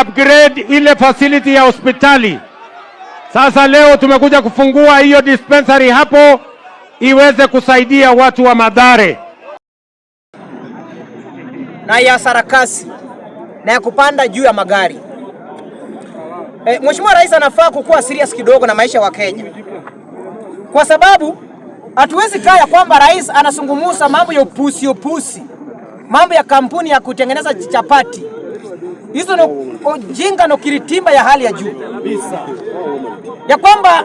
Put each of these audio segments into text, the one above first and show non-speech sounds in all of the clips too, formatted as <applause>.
upgrade ile facility ya hospitali. Sasa leo tumekuja kufungua hiyo dispensary hapo iweze kusaidia watu wa madhare na ya sarakasi na ya kupanda juu ya magari. E, Mheshimiwa Rais anafaa kukuwa serious kidogo na maisha wa Kenya, kwa sababu hatuwezi kaa ya kwamba rais anasungumusa mambo ya upusi upusi, mambo ya kampuni ya kutengeneza chapati hizo ni ujinga na ukiritimba ya hali ya juu, ya kwamba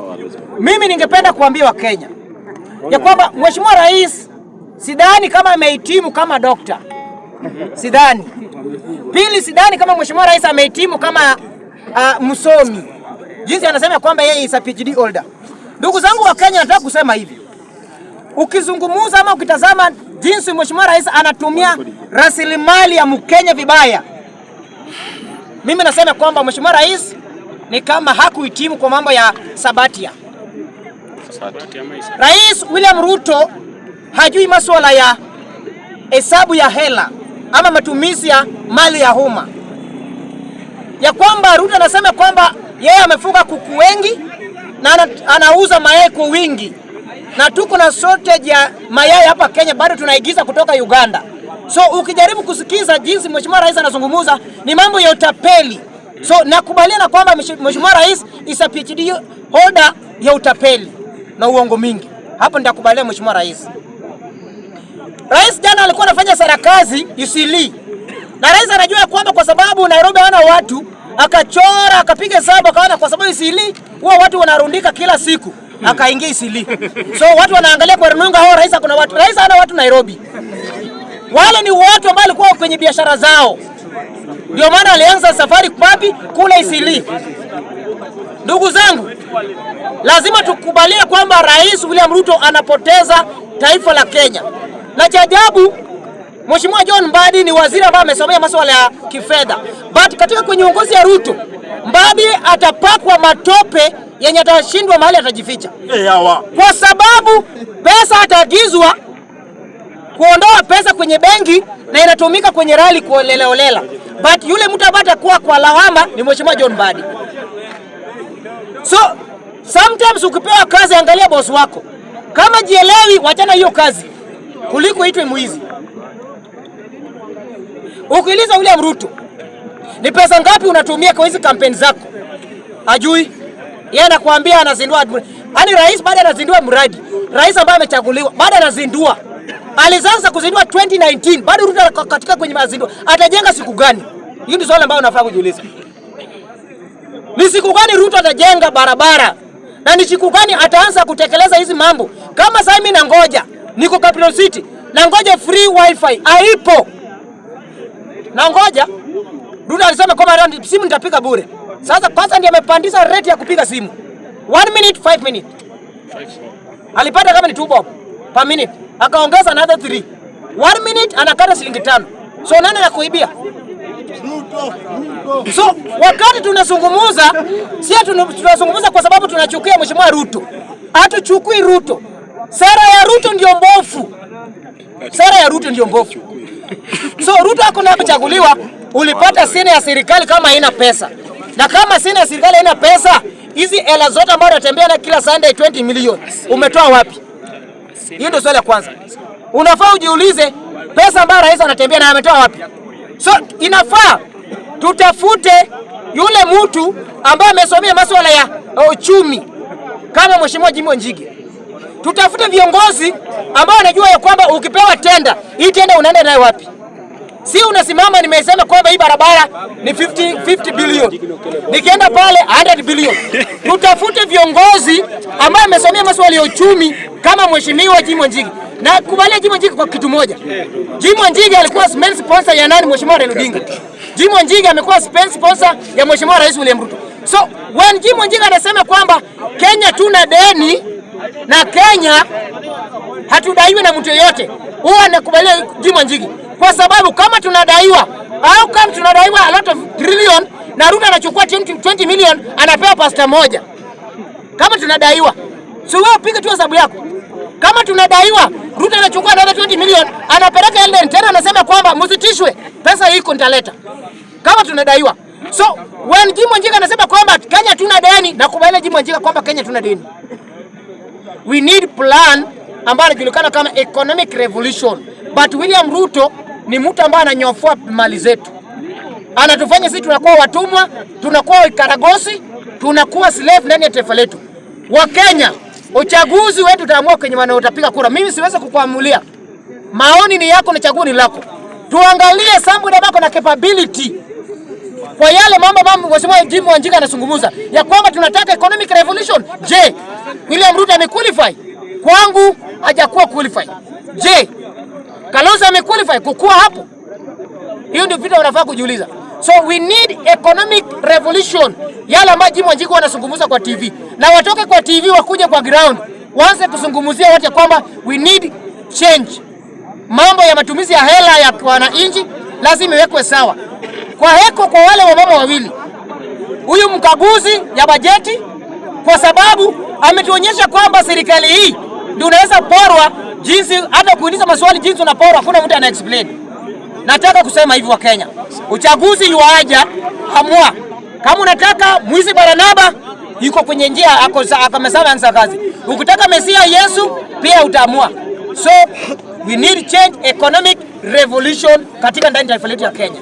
mimi ningependa kuambia Wakenya ya kwamba Mheshimiwa Rais sidhani kama amehitimu kama dokta, sidhani. Pili, sidhani kama Mheshimiwa Rais amehitimu kama uh, msomi, jinsi anasema kwamba yeye is a PhD holder. Ndugu zangu wa Kenya, nataka kusema hivi, ukizungumza ama ukitazama jinsi Mheshimiwa Rais anatumia rasilimali ya Mkenya vibaya mimi nasema kwamba Mheshimiwa Rais ni kama hakuhitimu kwa mambo ya Sabatia. Rais William Ruto hajui masuala ya hesabu ya hela ama matumizi ya mali ya umma, ya kwamba Ruto anasema kwamba yeye amefuga kuku wengi na anauza mayai kwa wingi na tuko na shortage ya mayai hapa Kenya, bado tunaigiza kutoka Uganda. So ukijaribu kusikiza jinsi mheshimiwa rais anazungumza ni mambo ya utapeli. So nakubaliana kwamba mheshimiwa rais is a PhD holder ya utapeli na uongo mingi, hapo nitakubaliana mheshimiwa rais. Rais jana alikuwa anafanya sarakazi Isili, na rais anajua kwamba kwa sababu Nairobi hana watu, akachora akapiga hesabu, akaona kwa sababu Isili huwa watu wanarundika kila siku akaingia Isili. So watu wanaangalia kwa runinga hao rais kuna watu rais ana watu Nairobi. Wale ni watu ambao walikuwa kwenye biashara zao, ndio maana alianza safari kupapi kule Isili. Ndugu zangu, lazima tukubalie kwamba Rais William Ruto anapoteza taifa la Kenya, na cha ajabu Mheshimiwa John Mbadi ni waziri ambaye amesomea masuala ya kifedha, but katika kwenye uongozi ya Ruto Mbabi atapakwa matope yenye atashindwa mahali atajificha, eh, kwa sababu pesa ataagizwa kuondoa pesa kwenye benki na inatumika kwenye rali kuoleleolela but yule mtu ambaye atakuwa kwa lawama ni mheshimiwa John Mbadi. So sometimes ukipewa kazi, angalia bosi wako kama jielewi, wachana hiyo kazi kuliko itwe mwizi. Ukiuliza William Ruto ni pesa ngapi unatumia kwa hizi kampeni zako? Ajui yeye anakuambia anazindua, yaani rais baada anazindua mradi, rais ambaye amechaguliwa baada anazindua, alianza kuzindua 2019 bado Ruto katika kwenye mazindua, atajenga siku gani? Hiyo ndio swali ambalo unafaa kujiuliza. Ni siku gani Ruto atajenga barabara na ni siku gani ataanza kutekeleza hizi mambo? Kama sasa mimi nangoja niko Capital City, nangoja free wifi haipo, nangoja Duda alisema kwamba simu nitapiga bure. Sasa kwanza ndiye amepandisha rate ya kupiga simu 1 minute 5 minute, alipata kama ni 2 bob per minute, akaongeza another 3 1 minute anakata shilingi 5. So nani anakuibia? So wakati tunazungumuza, sio tunazungumza kwa sababu tunachukia mheshimiwa Ruto, hatuchukui Ruto. Sera ya Ruto ndio mbovu, sera ya Ruto ndio mbovu. So Ruto hakuna kuchaguliwa ulipata sini ya serikali kama haina pesa, na kama sini ya serikali haina pesa, hizi hela zote ambazo unatembea na kila Sunday 20 milioni umetoa wapi? Hiyo ndio swali la kwanza. Unafaa ujiulize pesa ambayo rais anatembea na ametoa wapi? So inafaa tutafute yule mtu ambaye amesomea masuala ya uchumi kama Mheshimiwa Jimbo Njige, Tutafute viongozi ambao wanajua ya kwamba ukipewa tenda, hii tenda unaenda nayo wapi? Si unasimama nimesema kwamba hii barabara ni 50, 50 billion nikienda pale 100 billion <laughs> Tutafute viongozi ambayo amesomea masuala ya uchumi kama mheshimiwa Jimo Njigi. Na kubalia Jimo Njigi kwa kitu moja, Jimo Njigi alikuwa main sponsor ya nani? Mheshimiwa Raila Odinga. Jimo Njigi amekuwa main sponsor ya Mheshimiwa Rais William Ruto. So when Jimo Njigi anasema kwamba Kenya tuna deni na Kenya hatudaiwi na mtu yeyote, huwa anakubalia Jimo Njigi kwa sababu kama tunadaiwa au kama tunadaiwa a lot of trillion na Ruto anachukua 20 million anapewa pasta moja. Kama tunadaiwa, si wewe piga tu hesabu yako. Kama tunadaiwa Ruto anachukua another 20 million anapeleka Elden tena anasema kwamba msitishwe, pesa hii nitaleta. Kama tunadaiwa. So when Jimo Njiga anasema kwamba Kenya tuna deni, nakubaliana Jimo Njiga kwamba Kenya tuna deni. We need plan ambayo inajulikana kama economic revolution. But William Ruto ni mtu ambaye ananyofua mali zetu, anatufanya sisi tunakuwa watumwa, tunakuwa ikaragosi, tunakuwa slave ndani ya taifa letu. Wakenya, uchaguzi wetu utaamua kwenye maana utapiga kura. Mimi siwezi kukuamulia, maoni ni yako na chaguo ni lako. Tuangalie Sambwe Ndabako na capability kwa yale mambo mambo Mheshimiwa Jim Wanjika anazungumza ya kwamba tunataka economic revolution. Je, William Ruto ame qualify? Kwangu hajakuwa qualify. Je, Kalonzo amequalify kukua hapo? Hiyo ndio vitu unafaa kujiuliza. So we need economic revolution, yale ambayo Jim Wanjiku wanazungumza kwa TV na watoke kwa TV wakuja kwa ground, waanze kuzungumzia wote kwamba we need change. Mambo ya matumizi ya hela ya wananchi lazima iwekwe sawa. Kwa heko kwa wale wamama wawili, huyu mkaguzi ya bajeti, kwa sababu ametuonyesha kwamba serikali hii ndio unaweza porwa jinsi, hata kuuliza maswali jinsi unaporwa, hakuna mtu ana explain. Nataka kusema hivi wa Kenya, uchaguzi yuaja amua Kama unataka mwizi Baranaba yuko kwenye njia akamesema anza kazi, ukitaka Mesia Yesu pia utaamua. So we need change economic revolution katika ndani taifa letu ya Kenya.